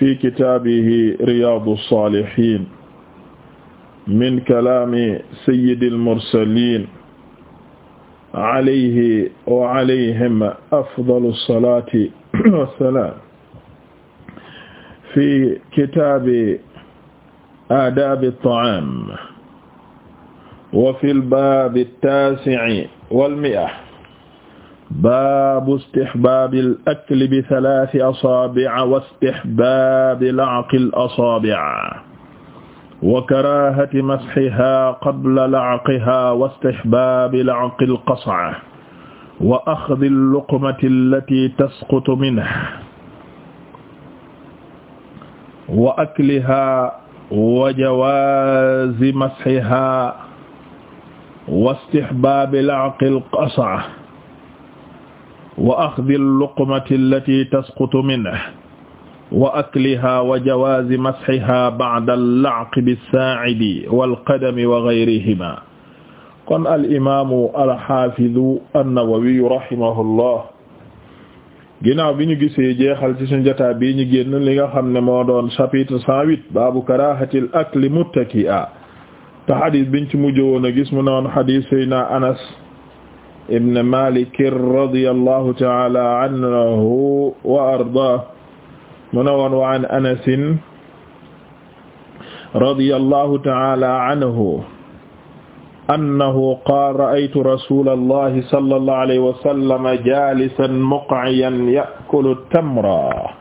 fi kitaabihi riyaadu saalihiin min kalaami sayyidil mursaliin alayhi wa alayhim afdalu salaati wa salaam fi kitaabi aadaabi ta'aam wa fil baabi taasi'i wal mi'a baabu istihbaabil akli bi salaasi asaabi'a wa istihbaabil la'qil asaabi'a wa karaahati masxihaa qabla la'qihaa wa istihbaabi la'qil qas'a wa axdi luqmati allatii tasqutu minhu wa aklihaa wa jawaazi masxihaa wa istihbaabi la'qil qas'a wa axdi alluqmati allati tasqutu minhu wa akliha wa jawaazi masxiha ba'da allacqi bissaacidi walqadami wa gayrihima kon al'imaamu alxaafidu annawawiyu rahimahullah ginnaaw bi ñu gisee jeexal ci suñu jotaay bii ñu génn li nga xam ne moo doon chapitre cent huit baabu karaahatil akli muttaki'a te xadis biñ ci mujj woon a gis mu ne woon xadis Seydina Anas ibn Malik radiyallahu ta'ala anhu wa ardaahu mu ne woon wa an Anas radiyallahu ta'ala anhu annahu qaala ra'aytu rasuulallahi sallallahu alayhi wa sallam jaalisan muq'iyan ya'kulu tamra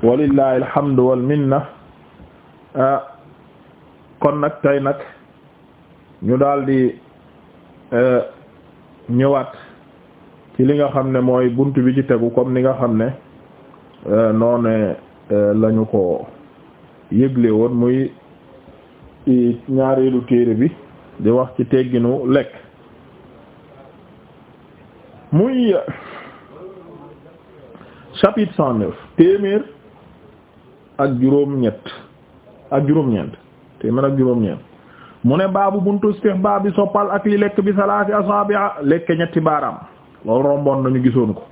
walillahi alhamdu wal minna kon nag tey nag ñu daldi e, ñëwaat ci li nga xam ne mooy bunt bi ci tegu comme ni nga xam ne euh, noone euh, lañu ko yëgle woon muy ñaareelu téere bi di wax ci tegginu lekk muy chapitre cent neuf téeméer ak juróom ñett ak juróom ñeent téeméer ak juróom ñeent mu ne baabu buntu istihbaab bi soppal ak li lekk bi salaati asaabi'a lekk ñetti baaraam loolu romboon nañu gisoon ko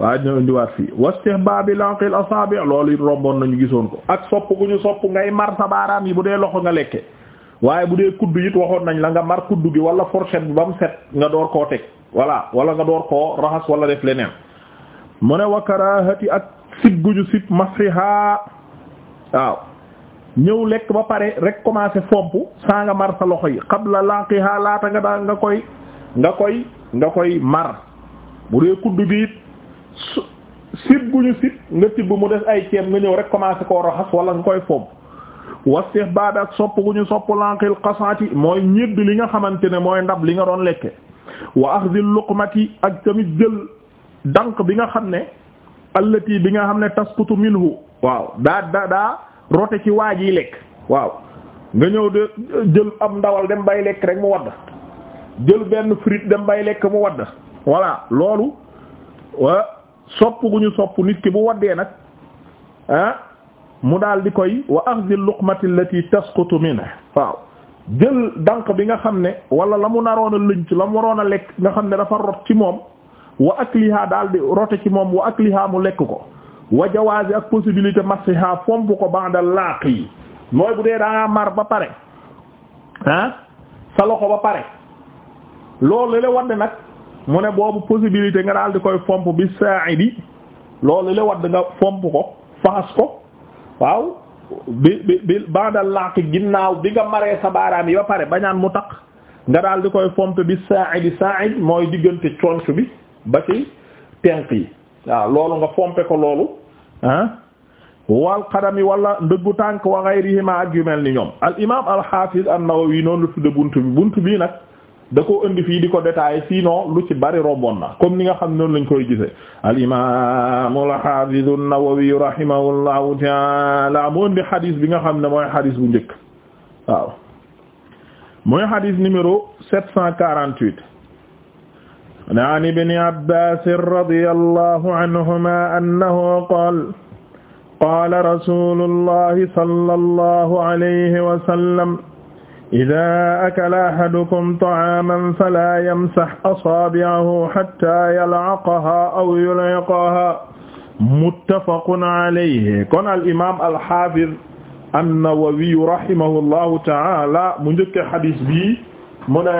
waaye dina indiwaat fii wa istihbaab bi lanqil asaabi' loolu it romboon nañu gisoon ko ak sopp gu ñu sopp ngay mar sa baaraam yi bu dee loxo nga lekke waaye bu dee kudd it waxoon nañ la nga mar kudd gi wala fourchette bi ba mu set nga door koo teg voilà wala nga door koo raxas wala def leneen mu ne wa karaahati ak sib gu ñu sib masriha ñëw lekk ba pare rek commencé fomp saa nga mar sa loxo yi qabla laqiha laata nga daa nga koy nga koy nga koy mar bu dee kudd bi it gu ñu sit nga tibb mu des ay ceeb nga ñëw rek commencé koo raxas wala nga koy fomp wastih baad ak sopp gu ñu sopp lanqil xasaati mooy ñedd li nga xamante ne mooy ndab li nga doon lekke wa axdil yi ak tamit jël dank bi nga xam ne allati bi nga xam ne tasqutu minhu waaw daa daa daa rote ci waa jiy lekk waaw nga ñëw de jël am ndawal dem bay lekk rek mu wadd jël benn frite dem bay lekk mu wadd voilà loolu wa sopp gu ñu sopp nit ki bu waddee nag ah mu daal di koy wa axdi luqmati allati tasqutu minhu waaw jël dànq bi nga xam ne wala la mu naroon a lënc la mu waroon a lekk nga xam ne dafa rot ci moom wa akliha daal di rote ci moom wa akliha mu lekk ko wa jawaazi ak possibilité masiha fomp ko ba'da laax yi mooy bu dee daa mar ba pare ah sa loxo ba pare loolu la wadd nag mu ne boobu possibilité nga daal di koy fomp bi saa'idi loolu la wadd nga fomp ko faxas ko waaw bi bi bi ba'da laaq ginnaaw bi nga maree sa baaraam yi ba pare bañaan mu tax nga daal di koy fomp bi saa'idi saa'id mooy diggante conc bi ba ci tenq yi waaw loolu nga fompe ko loolu ah wal qadami wala ndëggu tànk wa ghayrihima ak yu mel ni ñoom al imam al hafiz an-Nawawi noonu lu tudde buntu bi buntu bii nag da ko indi fii di ko détaillé sinon lu ci bari romboon na comme ni nga xam noonu lañ koy gisee al imam al hafiz an-Nawawi rahimahullahu ta'ala mu indi hadith bi nga xam ne mooy hadith bu njëkk waaw mooy hadith numéro 748 an ibni abbasin radi allahu anhuma annahu qaal qaala rasulu ullahi sala allahu alayhi wasallam ida akala ahadukum ta'aaman fala yamsax asaabi'ahu hatta yalcaqaha aw yuliqaha muttafaqun alayhi kon alimam alxafid annawawiyu rahimahu llahu taala mu njëkke xadis bi mu ne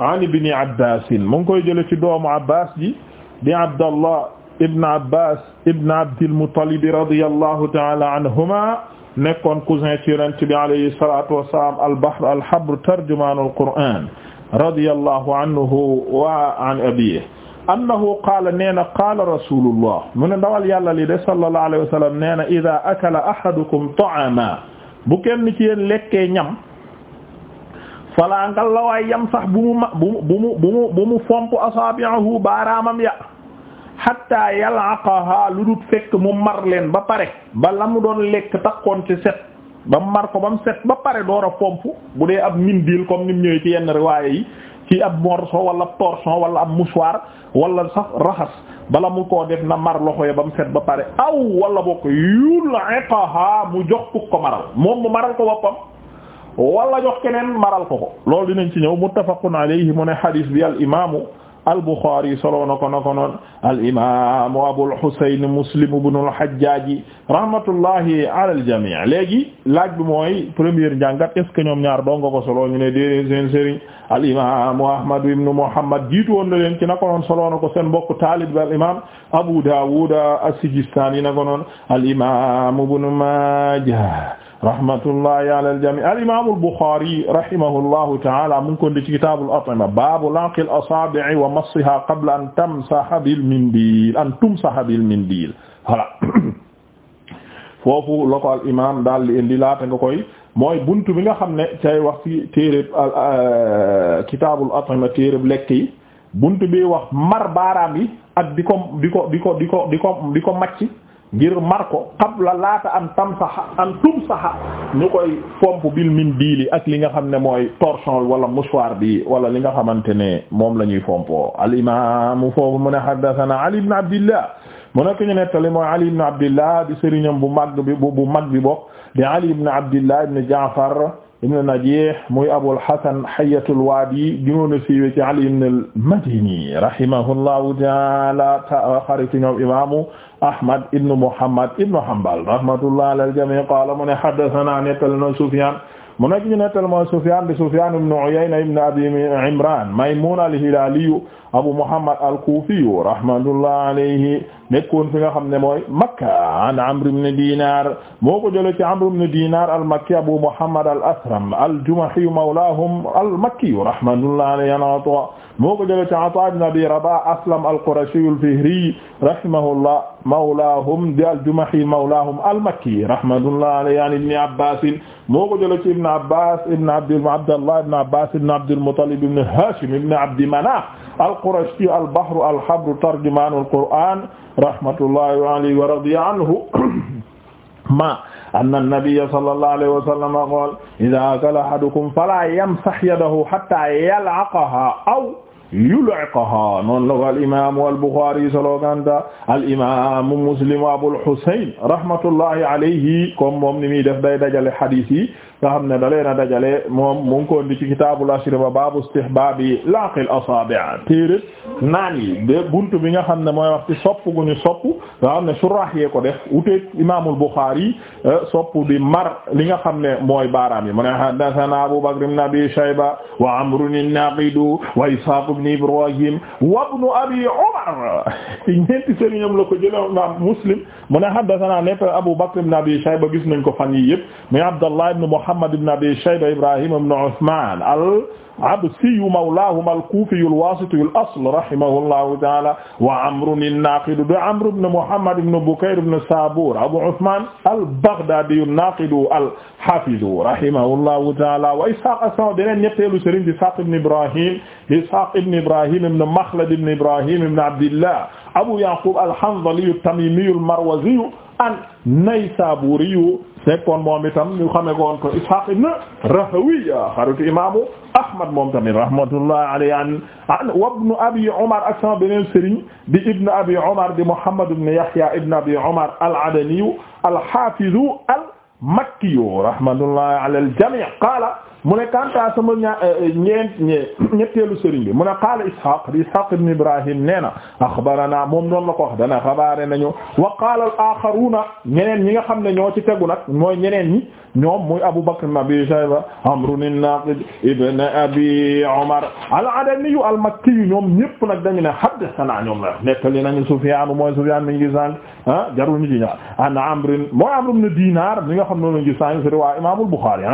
an ibni abbasin mu ngi koy jële ci doomu abbas ji di abdallah ibn abbas ibn abdilmutalibi radiallahu taala anhuma nekkoon cousin ci yonent bi alayhi salatu wassalam albahr alhabr tarjumanu alquran radiallahu anhu wa an abihi annahu qaala nee na qaala rasulullah mu ne ndawal yàlla li de sallallahu alayhi wa sallam nee na ida akala ahadukum ta'ama bu kenn ci yéen lekkee ñam falaangal la waay yam sax bu mu ma bu mu bu mu bu mu bu mu fomp asaabi'ahu baaraamam ya hatta yalaqaha lu dut fekk mu mar leen ba pare ba la mu doon lekk takkoon ci set ba mu mar ko ba mu set ba pare door a fomp bu dee ab mindil comme ni mu ñëwee ci yenn riwaaye yi ci ab morceau wala torchon wala ab mouchoir wala sax raxas bala mu koo def na mar loxo ya ba mu set ba pare aw wala bokk yulaqaha mu jox ko maral moom mu maral ko boppam wala jox keneen maral ko ko loolu dinañ ci ñëw muttafaqun alayhi mu ne hadis bi al imaamu al buxaari solo na ko na ko noon al imaamu abul husayn muslim ibnul hajjaaj rahmatullahi alal jamii léegi laaj bi mooy première njàngat est ce que ñoom ñaar doon nga ko solo ñu ne déedéet seen sëriñ al imaamu ahmad ibn muhammad jiitu woon na leen ci na ko noon solo na ko seen mbokk taalib al imaam abu daawuda as-sijistaani na ko noon al imaamu ibnu maajah rahmatullahi ala al-jamii al-imaam al-Buxaari rahimahullahu ta'ala mu ngi ko di ci kitaabul at'ima baabu lanqil asaabi'i wa massihaa qabla an tamsaha bil mindil an tumsaha bil mindil voilà foofu la ko al imaam daal di indi laata nga koy mooy buntu bi nga xam ne cay wax ci téereb euh, kitaabul at'ima téereb lekk yi buntu bi wax mar baaraam yi ak di ko di ko di ko di ko di ko di ko màcc ngir mar ko qabla laata an tamsaha an tumsaha ñu koy fomp bil min diili ak li nga xam ne mooy torchon wala mouchoir bi wala li nga xamante ne moom la ñuy fompoo al imam foofu mu ne haddathana ali ibn abdillah mu nekk ñu nettali mooy ali ibn abdillah di sëriñam bu mag bi bu mag bi bokk di ali ibn abdillah ibn ja'far ibn Najih muy Abul Hasan Hayyatul Wadi gënoon a siiwe ci Ali ibn al-Madini rahimahullahu ta'ala xarit ñoom imaamu Ahmad ibn Muhammad ibn Hanbal rahmatullahi alal jami' qala mu ne haddathana nettal na Sufyan mu nekk ñu nettal mooy Sufyaan bi Sufyaan ibn Uyayna ibn Abi Imraan Maymuun al-Hilaaliyu Abu Muhammad al-Kuufiyu rahmatullah alayhi nekkoon fi nga xam ne mooy Makka an Amr ibn Diinaar moo ko jëlee ci Amr ibn Diinaar al-Makki Abu Muhammad al-Asram al-Jumahiyu mawlaahum al-Makkiyu rahmatullah alayhi moo ko jëlee ci Ataa ibn Abi Rabah Aslam al-Qurashi al-Fihri rahimahullah mawlaahum di al-Jumahi mawlaahum al-Makki rahmatullah alayhi an Ibn Abbas moo ko jëlee ci Ibn Abbas Ibn Abd Abdallah Ibn Abbas Ibn Abd al-Muttalib Ibn Hashim Ibn Abd Manaf al-Qurashi al-Bahr al-Habr tarjumaan al-Qur'an rahmatullahi alayhi wa radiya anhu ma anna an-nabiyya sallallahu alayhi wa sallam qala idha akala ahadukum fala yamsah yadahu hatta yal'aqaha aw yuliqaha noonu la ko alimamu alboxari sologanta alimamu muslim wa abul husayn rahmatullahi alayhi comme moom ni muy def day dajale hadith yi nga xam ne da leen a dajale moom mu ngi ko indi ci kitaabul ashriba baabu istihbaabi laaqil asaabi' téere naan yi de buntu bi nga xam ne mooy wax ci sopp gu ñu sopp nga xam ne surah yee ko def uteeg imaamul buxaari eh, sopp di mar li nga xam ne mooy baaraam yi mu ne haddasanaa abu bakr ibn abi shayba wa amrun an-naaqid wa isaaq ibn Ibrahim wa ibn Abi Umar ci ñeenti sëriñam la ko jëlee imam Muslim mu ne haddathana nepp Abu Bakr ibn Abi Shayba gis nañ ko fan yi yëpp mais Abdallah ibn Muhammad ibn Abi Shayba Ibrahim ibn Uthman al absiyu mawlaahuma al-kuufiyu al-waasitiyu al-asl rahimahullahu ta'aala wa amrun an-naaqidu de amr ibn muhammad ibn bukayr ibn saabuur abu usmaan al-baghdaadiyu an-naaqidu al-haafidu rahimahullahu ta'aala wa ishaaq as-sabt beneen ñetteelu sëriñ di ishaaq ibn ibrahim ishaaq ibn ibrahim ibn makhlad ibn ibrahim ibn abdillah abu yaqub al-hanzaliyu at-tamiimiyu al-marwaziyu an-naysaabuuriyu nekkoon moom itam ñu xamee ko woon ko Ishaq ibn Rahawiya xaritu imaamu Ahmad moom tamit rahmatullah alayhi an an wa ibn Abi Umar ak sama beneen sëriñ di ibn Abi Umar di Muhammad ibn Yahya ibn Abi Umar al-Adani al-Hafiz al-Makki rahmatullah ala al-jami' qala mu ne kanta sama ña eh, eh, ñeent ñetteelu sëriñ bi mu ne qaala ishaq di ishaq ibn ibrahim nee na axbarana moom noonu la ko wax dana xabaare nañu wa qaala al axaruna ñeneen ñi nga xam ne ñoo ci tegu nag mooy ñeneen ñi ñoom muy abu bakr ibn abi shayba amru an-naqid ibn abi umar al-adani al-makki ñoom ñëpp nag dañu ne haddathana ñoom la nettali nañu sufyan mooy sufyan mi ngi sànq ah jarul mi ci ñaar an amr mooy amr ibn dinar mi nga xam ne noonu ngi sànq ci riwaa imam al-bukhari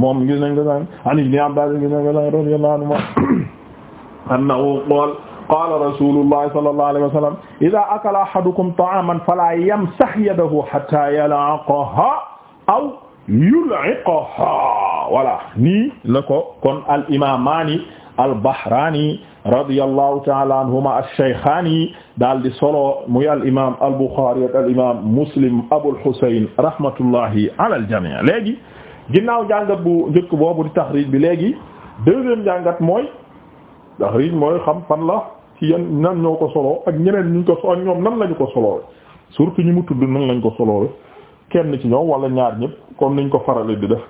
moom gis nañ ko sànq an ibni Abbaas gis nañ ko sànq radiyallahu anhuma annahu qaala qaala rasuulullahi sallallahu alayhi wa sallam idaa akala ahadukum ta'aaman falaa yamsah yadahu hattaa yal'aqahaa aw yul'iqahaa voilà nii la ko kon al imaamaani al bahraani radiyallahu ta'ala anhuma ash-shaykhaani daal di solo muy al imaam al buxaari ak al imaam muslim abul husayn rahmatullahi alal jamii' léegi ginnaaw jàngat bu njëkk boobu di taxriij bi léegi deuxième jàngat mooy taxriij mooy xam fan la ci yan nan ñoo ko soloo ak ñeneen ñu ko so ak ñoom nan lañu ko soloowe surtout ñi mu tudd nan lañ ko soloowe kenn ci ñoom wala ñaar ñëpp kon niñ ko farale di def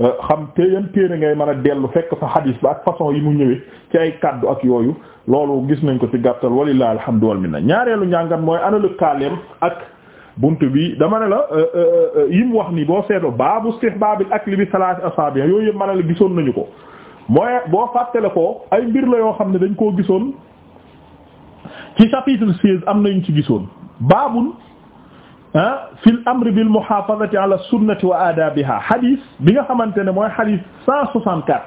euh, xam te yan téere ngay man a dellu fekk fa hadis ba ak façon yi mu ñëwee ci ay kaddu ak yooyu loolu gis nañ ko ci gàttal walillahi alhamdu wal minna ñaareelu njàngat mooy ana lëkkaaleem ak bunt bi dama ne la euh, euh, euh, yi mu wax ni boo seetlu baabu istihbaabil akli bi salaati asaabi yooyu yëpp ma la gisoon nañu ko mooy boo fàttale ko ay mbir la yoo xam ne dañ koo gisoon ci chapitre seize am nañu ci gisoon baabul ah fil amri bil muhaafazati ala sunnati wa bi hadith bi nga xamante ne mooy hadith cent soixante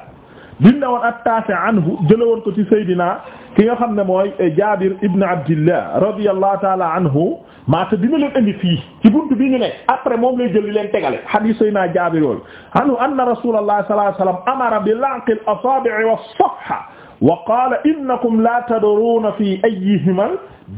biñ ne woon attaase anhu jëlee woon ko ci Seydina ki nga xam ne mooy eh, Jaabir ibn Abdillah radiyallahu taala anhu maa te dina leen indi fii ci buntu bi ñu ne après moom lay jël li leen tegale hadiis Seydina Jaabir woon anhu anna rasuulallahi sallallahu alayhi wa sallam amara bi la'qi al-asaabi'i was-safha wa qaala innakum laa tadruuna fii ayyihima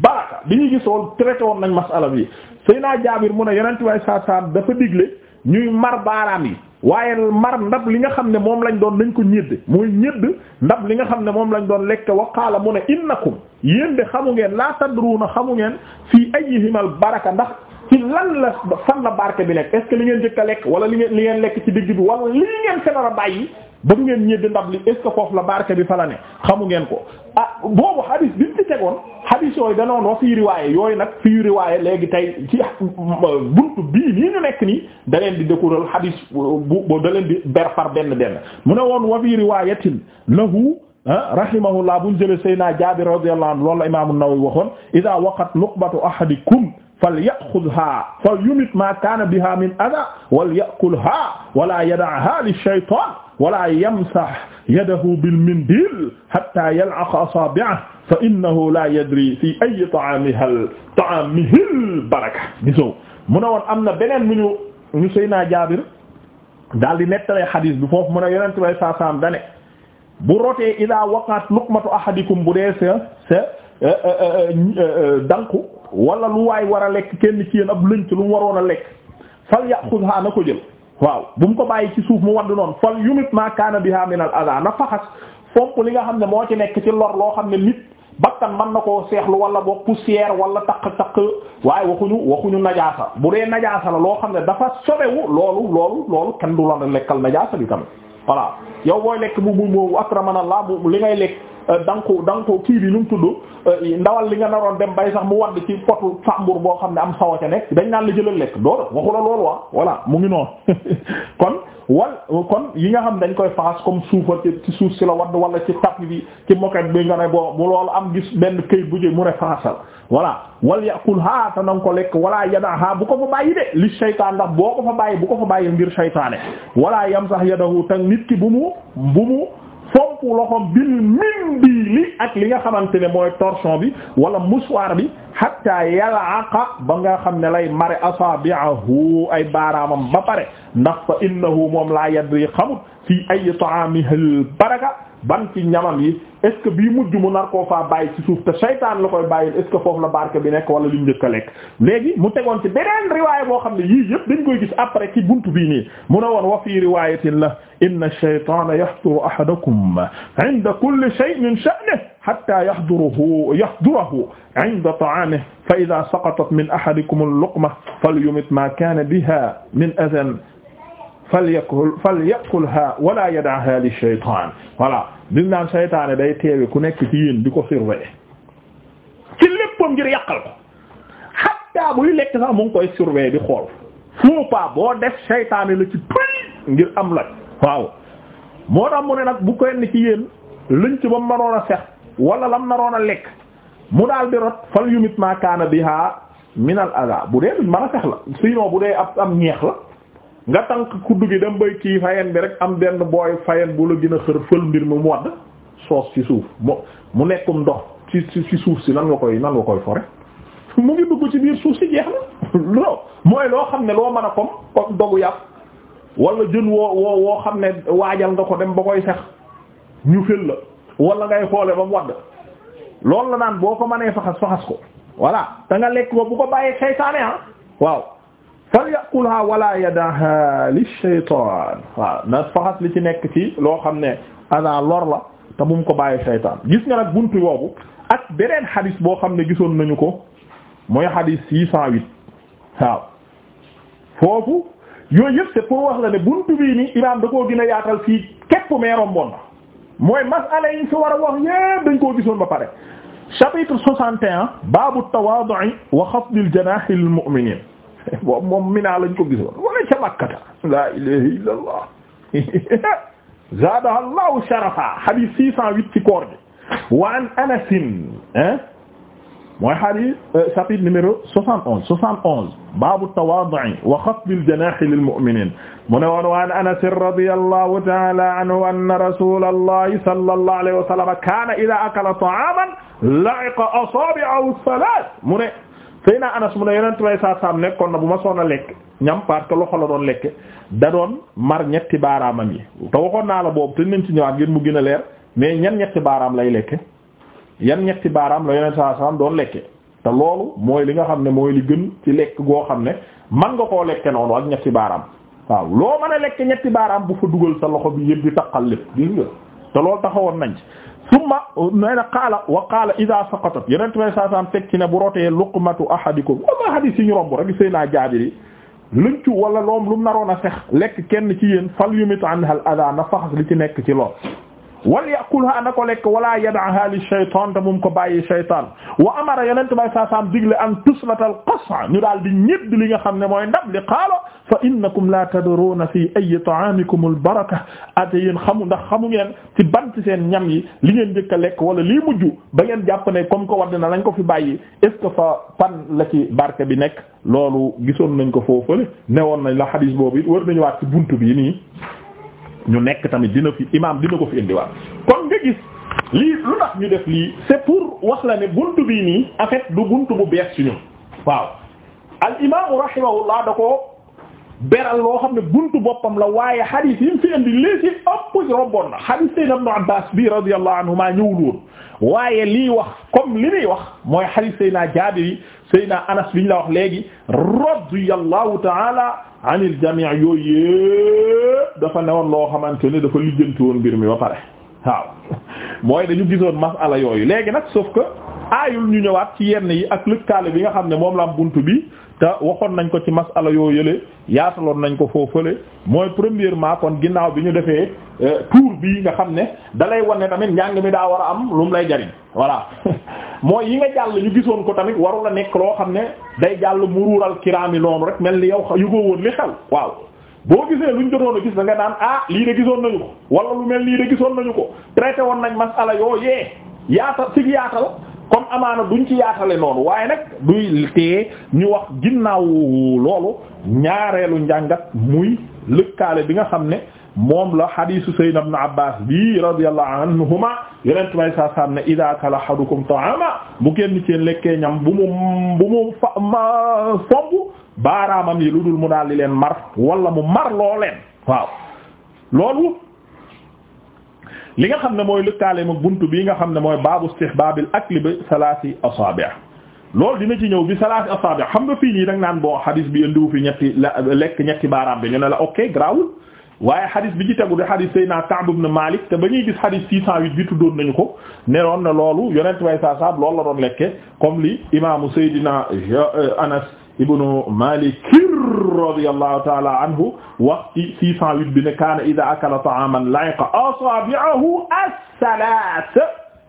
baraka bi ñu gis woon traité woon nañ masala bi Seydina Jaabir mu ne yonent bi sallallahu alayhi wa sallam dafa digle ñuy mar baaraam yi waaye mar ndab li nga xam ne moom lañ doon nañ ko ñëdd muy ñëdd ndab li nga xam ne moom lañ doon lekke wa qaala mu ne innakum yéen de xamu ngeen laa tadruuna xamu ngeen fii ay ayyihimal baraka ndax ci lan la fan la barke bi nekk est ce que li ngeen jëkk a lekk wala li ngeen li ngeen lekk ci digg bi wala li ngeen fenar a bàyyi ba ngeen ñëdd ndab li est ce la barke bi fa la ne xamu ngeen ko ah boobu xadis bi mu ci tegoon xadis yooyu danoon wa fii riwaaye yooyu nag fii riwaaye léegi tey ci ah, buntu bii nii ñu nekk nii da leen di dékoural xadis bu da leen di ber par benn benn mu ne woon wa fii riwaayatin lahu ah, rahimahullah buñ jële sayna Jaabir radiyallahu anhu loolu la imaam an-Nawawi waxoon idaa waqat luqmatu ahadikum falyaxudhaa falyumit maa kaana bihaa min adaa walya'kulhaa walaa yada'haa lishaytaan wala yamsah yadahu bil mindil hatta yal'aq asabi'ahu fa innahu la yadri fi ay ta'amihi ta'amihi al baraka gisoo mu ne woon am na beneen mu ñu ñu Seydina Jaabir daal di nettalee xadiis bi foofu mu ne yonent bay saa saam dane bu rotee ida waqaat luqmatu ahadikum bu dee sa sa eh, eh, eh, danku wala lu waay war a lekk kenn ci yéen ab lënc lu mu waroon a lekk fal ya'khudha na ko jël waaw bu mu ko bàyyi ci suuf mu wadd noonu fal yumit ma kaana biha min al adha na faxas fomp li nga xam ne moo ci nekk ci lor loo xam ne nit bakkan man na koo seexlu wala boog poussière wala taq-taq waaye waxuñu waxuñu najaasa bu dee najaasa la loo xam ne dafa sobewu loolu loolu loolu kenn du la lekkal najaasa bi tamit voilà yow booy lekk bu bu bu akramanallah bu li ngay lekk euh, danko danko kii bi nu mu tudd euh, ndawal li nga naroon dem bay sax mu wadd ci potu sàmbur boo xam ne am sawa ca nekk dañ naan la jëlal lekk door waxu la loolu waa ah, voilà mu ngi noonu kon wal kon yi nga xam dañ koy faxas comme suufa ci suuf si la wadd wala ci tapis bi ci moquette bi nga ne boo bu loolu am gis benn këyit bu jëy mu ne faxasal voilà wal yàqulha te na ko lekk wala yadaha bu ko fa bàyyi de li shaytaan ndax boo ko fa bàyyi bu fa bàyyi ngir shaytaane wala yamsah yadahu te nit ki bu mu bu mu fomp loxom bil min bi li ak li nga xamante ne mooy torchon bi wala mouchoir bi hatta yalaqa ba nga xam ne lay mare asabi'ahu ay baaraamam ba pare ndax fa innahu moom la yadri xamut fii ay ta'amihi al baraka ban ci ñamam yi est-ce que bii mujj mu nar koo faa bàyyi ci suuf te saytaan la koy bàyyi est-ce que foofu la barke bi nekk wala liñ njëkk a lekk léegi mu tegoon ci beneen riwaaya boo xam ne yii yëpp dañ koy gis après ci buntu bii nii mu ne woon wa fii riwayatin la inna ash-shaytana yahduru ahadakum 'inda kulli shay'in min sha'nihi hatta yahduruhu yahdurahu 'inda ta'amihi fa idha saqatat min ahadikum al-luqma falyumit ma kana biha min adhan falyakul falyakulha wala yad'aha li shaytaan voilà bimu naan saytaane day teewe ku nekk ci yéen di ko surveiller ci léppam ngir yàqal ko buy lekk sax mu ngi koy surveiller di xool faut pas boo def saytaane la ci ngir am la waaw moo tax ne nag bu koy ne ci yéen lëñ ci ba mu a sex wala lam naroon a lekk mu daal di rot fal yumit ma kaana biha minal adha bu dee duñ mën a sex la sinon bu dee ab am ñeex la nga tànk kuddu gi dem bay kii fayen bi rek am benn booy fayen bu la gën a xër fël mbir mu mu wadd soos ci suuf mu mu nekkum dox ci ci suuf si nan nga koy nan nga koy fore mu ngi dugg ci biir suuf si jeex na loo mooy loo xam ne loo man a comme comme dogu yàpp wala jën woo woo xam ne waajal nga ko dem ba koy sax ñu fël la wala ngay xoole ba mu wadd loolu la naan boo ko mënee faxas faxas ko voilà danga nga lekk ko bu ko bàyyee saytaane ah waaw fal yaqulha wala yadaha li shaytan waaw na faxas li ci nekk ci loo xam ne ada lor la te bu mu ko bàyyi shaytan gis nga nag buntu boobu ak beneen xadis boo xam ne gisoon nañu ko mooy xadis six cent huit waaw foofu yooyu yëpp c'est pour wax la ne buntu bii nii imaam da koo gën a yaatal fii képp meerom bon na mooy masala yi fi war a wax yépp dañ koo gisoon ba pare chapitre soixante et un baabu tawaadu wa xafdil janaahi lil mu'miniin boobu moom Mina lañ ko gisoon wala ca Makkata la ilaha illallah zaadaha Allahu sharafa hadith six cent huit ci koor gi wa an Anas hein mooy hadith euh, chapitre numéro soixante onze soixante onze baabu tawaadu wa xafdil janaahi lil mu'miniin mu ne woon wa an Anas radiyallahu ta'ala anhu anna rasuulallahi sallallahu alayhi wa sallam kaana idaa akala ta'aaman la'iqa asaabi'ahu salaas mu ne Seyna Anas mu ne yonent may saa saam nekkoon na bu ma soon a lekk ñam parce que loxo la doon lekke da doon mar ñetti baaraamam yi te waxoon naa la boobu te nañ ci ñëwaat ngir mu gën a leer mais ñan ñetti baaraam lay lekke yan ñetti baaraam la yonent saa doon lekke te loolu mooy li nga xam ne mooy li gën ci lekk goo xam ne man nga koo lekke noonu ak ñetti baaraam waaw loo mën a lekke ñetti baaraam bu fa dugal sa loxo bi yëpp di taqal lépp gis nga te loolu taxawoon nañ summa nee na qaala wa qaala ida saqatat yenent may saasaam teg ci ne bu rotee luqmatu ahadikum wala hadis yi ñu romb rek sëy naa jaabiri lëncu wala loom lu naroon a sex lekk kenn ci yéen fal yumit anha al adha na faxas li ci nekk ci lool wal yàqulha na ko lekk wala yadaaha li shaytan te mu ko bàyyi shaytan wa amara yonent bay saa saam digle an tuslatal qas'a ñu daal di ñëdd li nga xam ne mooy ndab li qaala fa innakum la tadruuna fi ayi ta'amikum al baraka ate yéen xamu ndax xamu ngeen ci ban ci seen ñam yi li ngeen njëkk lekk wala lii mujj ba ngeen jàpp ne comme ko wadd na lañ ko fi bàyyi est fa fan la ci barke bi nekk loolu gisoon nañ ko foofale newoon nañ la xadiis boobu yi war nañu waat ci buntu bi nii ñu nekk tamit dina fi imaam dina ko fi indiwaat kon nga gis lii lu tax ñu def lii c'est pour wax la ne buntu bi nii en fait du buntu bu bees ci ñun waaw al imaamu rahimahullah da ko beral loo xam ne buntu boppam la waaye xadiis yi mu fi indi lii ci ëpp romboon na xadiis Seydina Ibnu Abbaas bi radiyallahu anhuma ñëwul woon waaye lii wax comme li muy wax mooy xadiis Seydina Jaabir yi Seydina Anas bi ñu la wax léegi radiyallahu ta'ala anil jamii yooyu dafa newoon loo xamante ne dafa lijjanti woon mbir mi ba pare waaw mooy dañu gisoon masala yooyu léegi nag sauf ayu aayul ñu ñëwaat ci yenn yi ak lëkkaale bi nga xam ne moom la am buntu bi te waxoon nañ ko ci masala yoo yële yaataloon nañ ko foofu fële mooy premièrement kon ginnaaw bi ñu defee tour euh, bii nga xam ne dalay wane tamit njàng mi daa war a am lu mu lay jariñ voilà mooy yi nga jàll ñu gisoon ko tamit waru la nekk loo xam ne day jàll muruural kiraami noonu rek mel ni yow yugoo woon li xew waaw boo gisee luñ jotoon a gis da nga daan ah lii de gisoon nañu ko wala lu mel lii de gisoon nañu ko traité woon nañ masala yoo yee yaata sig kon amaana duñ ci yaatale noonu waaye nag duy tee ñu wax ginnaaw loolu ñaareelu njàngat muy lëkkaale bi nga xam ne moom la hadisu sayyidina ibn abbas bi radiyallahu anhuma yenent may saa saam ne ida kala ahadukum ta'ama bu kenn ci lekkee ñam bu mu bu mu fa baaraamam yi lu dul mu daal di leen mar wala mu mar loo leen waaw loolu li nga xam ne mooy lëkkaale mag buntu bii nga xam ne mooy baabu istihbaabil akli bi salaasi asaabi' loolu dina ci ñëw bi salaasi asaabi' xam nga fii nii da naan bon hadis bi indiwu ñetti lekk ñetti baaraam bi ñu ne la ok grawul waaye hadis bi ci tegu di hadis Seydina Ka'b ibn Malik te ba ñuy gis hadis 608 bi tuddoon nañu ko ne neroon na loolu yonent way saa saab loolu la doon lekke comme li imaamu Seydina Anas ibnu Malik radiyallahu ta'ala anhu wax ci 608 bi ne kaana idha akala ta'aman la'iqa asabi'ahu as-salas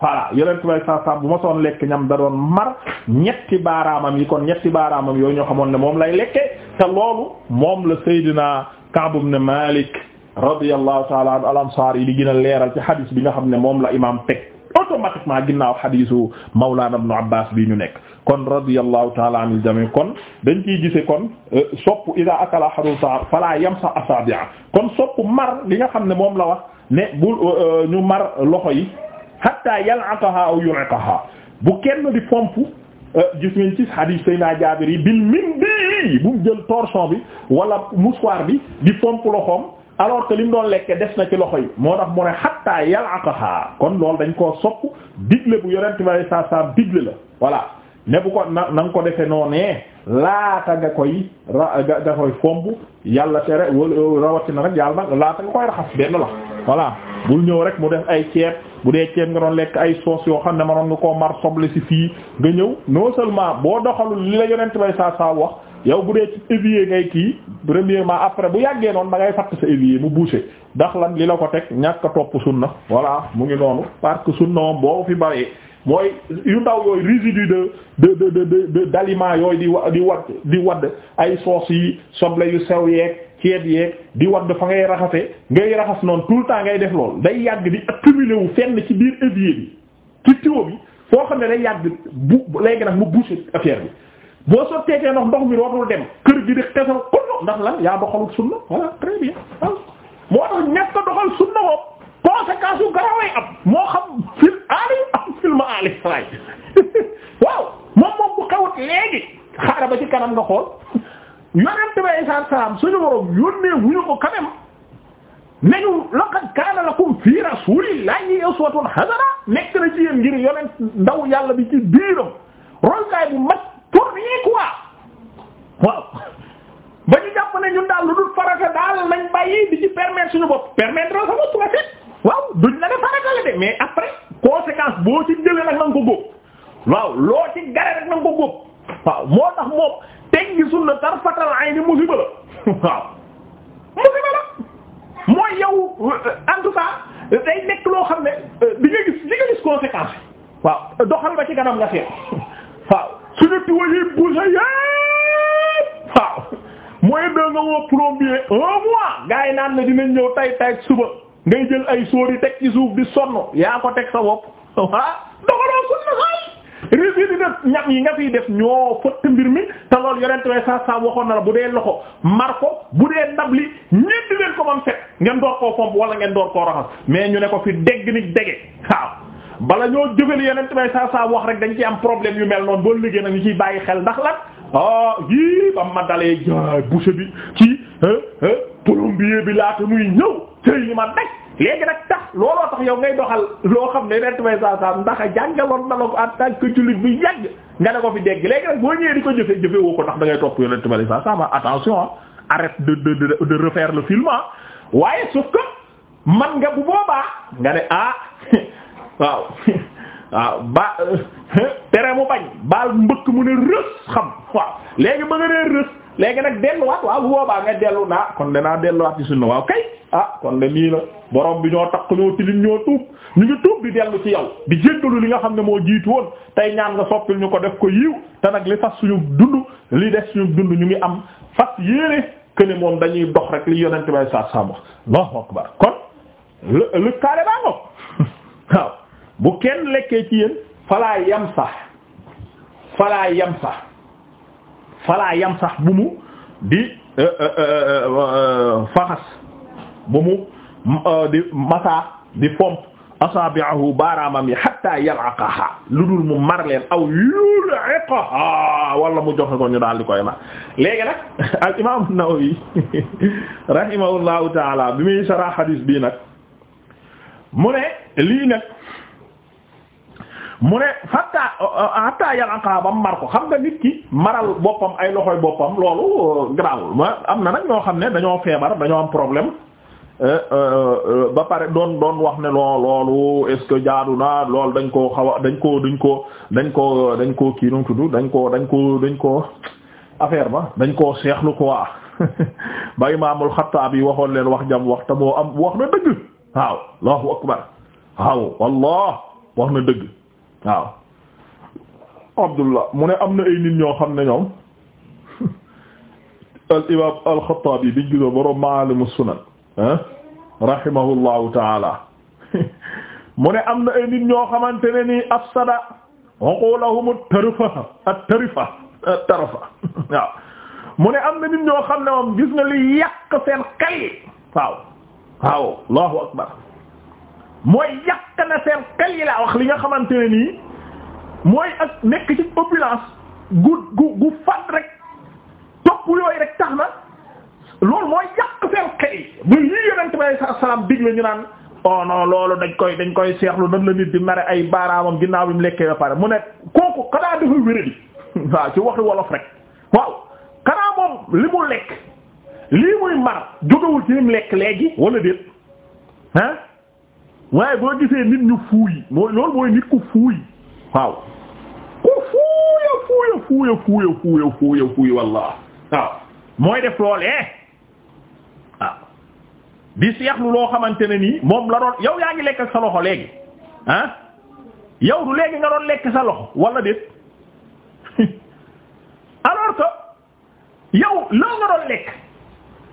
voilà yeneen tubay saa saa bu ma soon lekk ñam da doon mar ñetti baaraamam yi kon ñetti baaraamam yooyu ñoo xamoon ne moom lay lekke te loolu moom la Seydina Ka'b ibn Malik radiyallahu ta'ala anhu al-Ansari yi di gën a leeral ci hadis bi nga xam ne moom la imam teg automatiquement ginnaaw hadisu Mawlana ibn Abbas bi ñu nekk kon radiyallahu ta'ala anil jami kon dañ ciy gise kon euh, sopp ida akala ahadul ta'am fala yamsa asabi'a kon sopp mar li nga xam ne moom la wax ne bu euh, euh, ñu mar loxo yi hatta yal'ataha aw yul'iqaha bu kenn di fomp gis ngeen ci hadith sayna Jaabir yi bil mindi bu jël torchon bi wala mouchoir bi di fomp loxoom alors que li mu doon lekke des na ci loxo yi moo tax mu ne hatta yal'ataha kon loolu dañ ko sopp digle bu yonent bi sallallahu alayhi wasallam digle la voilà ne bu ko na na nga ko defee noonee laata nga koy ra nga koy fomp yàlla tere rawatina rek yàlla nag laata nga koy raxas benn la voilà bul ñëw rek mu def ay ceeb bu dee ceeb nga doon lekk ay soos yoo xam ne manoon nga koo mar soble ci fii nga ñëw non seulement boo doxalul li la yonent bay saa saa wax yow bu dee ci évier ngay kii premièrement après bu yàggee noonu da ngay fatt sa évier mu bouché ndax lan li la ko teg ñàkk a topp sunna voilà mu ngi noonu parce que sunna moom boo fi bëree mooy yu ndaw yooyu résidu de de de de de d'aliments yooyu di wa di wadd di wadd ay soos yi soble yu sew yeeg ceeb yeeg di wadd fa ngay raxase ngay raxas noonu tout le temps ngay def loolu day yàgg di accumuler wu fenn ci biir évier bi ci tuyau bi foo xam ne day yàgg bu léegi nag mu boucher affaire bi boo sotteekee ndox ndox mi dootul dem kër gi di xesal kon ndax lan yaa doxalut sunna voilà très bien moo tax ñett doxal sunna moom conséquence yu garaway am moo xam fil aali am fil ma aali waaw moom moom bu xewut léegi xaaral ba ci kanam nga xool yonent bi ay salaam suñu borom yónnee wuñu ko quand même nañu laqad kaana lakum fii rasuulillahi uswatun hasana nekk yonent ndaw yàlla bi ci biiram roykaay bu mag pour rien quoi waaw ba ñu jàpp ne ñun daal lu dul farata daal nañ bàyyi di ci permettre suñu bopp permettre la sama waaw duñ la ne farata la de mais après conséquence boo ci jëlee nag na ko góob waaw loo ci gare rek na ko góob waaw moo tax moom teggi sunna tarfatal ayni musiba la waaw musiba la mooy yow en tout day nekk loo xam ne euh, di nga gis di nga gis conséquence waaw doxal ba ci kanam nga seet waaw suñu tuwa yi bouger yépp waaw mooy da nga woo plombier un mois gars naan na dinañ ñëw tay tay suba ngay jël ay sóori teg ci suuf di sonn yaa ko teg sa bopp ah doxaloo sunna xaay résidé def ñam yi nga fiy def ñoo fëtt mbir mi te loolu yorente way sa sa waxoon na la bu dee loxo mar ko bu dee ndab li ñeent leen ko mam set ngeen door koo fomp wala ngeen door koo raxas mais ñu ne ko fi dégg ni dege waaw bala ñoo jëfal yeneen may saa saa wax rek dañu ci am problème yu mel noonu boo liggéey nag ñu ciy bàyyi xel ndax lan ah yii ba ma dalee boucher bi ci plombier bi laata muy ñëw tey li ma daj léegi nag tax looloo tax yow ngay doxal loo xam ne ren tubay saa saa ndax jàngaloon na la ko en tant que jullit bi yàgg nga ne ko fi dégg léegi nag boo ñëwee di ko jëfee jëfee woo ko ndax da ngay topp yow ren tubay saa saa ma attention ah de de de de refaire le film ah waaye sauf que man nga bu boobaa nga ne ah waaw waaw ba tere mu bañ baal mbëkk mu ne rës xam waaw léegi ba nga nee rës. léegi nag delluwaat waaw bu boobaa nga dellu naa kon danaa delluwaat ci sunna waaw kay ah kon de nii la borom bi ñoo takk ñoo tilim ñoo tuub ñu ngi tuub di dellu ci yow di jéggalu li nga xam ne moo jiitu woon tey ñaan nga soppil ñu ko def ko yiw te nag li fas suñu dund li des suñu dund ñu ngi am fas yéene que moom dañuy dox rek li yonent bay saa saa wax Allahu akbar kon le le baa ngoog waaw bu kenn lekkee ci yéen falaa yam sax falaa yam sax. falaa yam sax bu mu di euh, euh, euh, faxas bu mu di masaa di fomp asaabi'ahu baaraamam yi hatta yal'aqaha lu dul mu mar leen aw yul'iqaha wala mu joxe ko ñu daal di koy mar léegi nag al imam an-Nawawi rahimahullahu taala bi muy sarah hadis bii nag mu ne lii nag mu ne euh, euh, hatta hatta yalqa bam mar ko xam nga nit ki maral boppam ay loxo boppam loolu euh, garaawul ma am na nag ñoo xam ne dañoo feebar dañoo am problème ba pare doon doon wax ne loo loolu est jaadu na lool dañ ko xaw dañ koo dañ ko dañ koo dañ koo kii nu tudd dañ koo dañ koo dañ koo affaire ba dañ koo seexlu quoi ba Imaamul Xattaab yi waxoon leen wax jam wax te boo am wax na dëgg waaw Allahu akbar waaw wallah wax na dëgg. waaw abdullah mu ne am na ay nit ñoo xam ne ñoom al imam al-Xattaabi biñ gisoo boroom Maalimu Sunan ah rahimahullahu taala mu ne am na ay nit ñoo xamante ne nii afsada uqulahum at-tarfa at waaw mu ne am na nit ñoo xam ne moom gis na li yàq seen xel waaw waaw allahu akbar mooy yàq na seen xel yi laa wax li nga xamante ne nii mooy ak nekk ci opulence gu gu gu fat rek topp yooyu rek tax na loolu mooy yàq seen xel yi bu lii yonent bi saa salaam digle ñu naan oh dañ koy dañ koy la nit di mare ay baaraamam ginnaaw bi mu lekkee ba pare mu ne kooku xanaa dafa wéradi waaw ci waxi wolof rek waaw xanaa moom li mu lekk lii muy mar jógewul ci li lekk léegi wala déet ah. waaye boo gisee nit ñu fuuy mooy loolu mooy nit ku fuuy waaw ku fuuya fuuya fuuya fuuya fuuya fuuya fuuy wallah waaw mooy def loolee waaw di seexlu loo xamante ne nii moom la doon yow yaa ngi lekk sa loxo léegi ah yow du léegi nga doon lekk sa loxo wala déet alors que yow loo nga doon lekk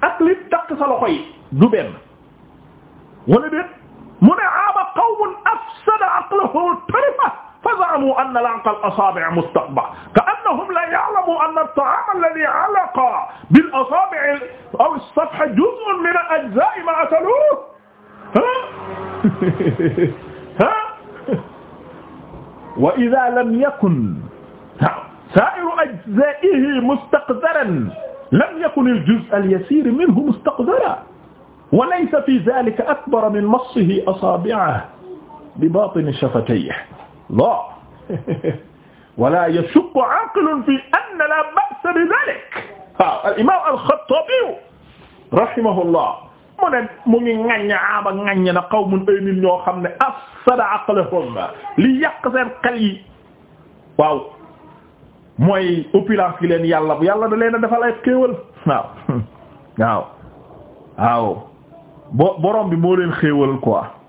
ak li takk sa loxo yi du benn wala déet mu ne aaba qawmun afsada aqlahu tarifa fa za'amu anna lanqa al-asaabi' mustaqba ka'annahum la ya'lamu anna at-ta'aam alladhi 'alaqa bil-asaabi' aw as-safha juz'un min al-ajzaa'i ma'a taluuh ha wa idhaa lam yakun saa'iru ajzaa'ihi mustaqdaran lam yakun al-juz' al-yasiir minhu mustaqdaran wa laysa fi zalika akbar min massihi asaabi'ahu bi baatini shafatayhi la wala yashuqu aaqilun fi anna la ba'sa bi zaalika waaw al imaam al-Xattaabi rahimahullah mu ne mu ngi ŋaññe aaba ŋaññe na qawmun ay nit ñoo xam ne afsada aqlahum li yàq seen xel yi waaw mooy opulence gi leen yàlla bu yàlla da leen a defal ay xéewal waaw waaw waaw bo borom bi moo leen xéewal quoi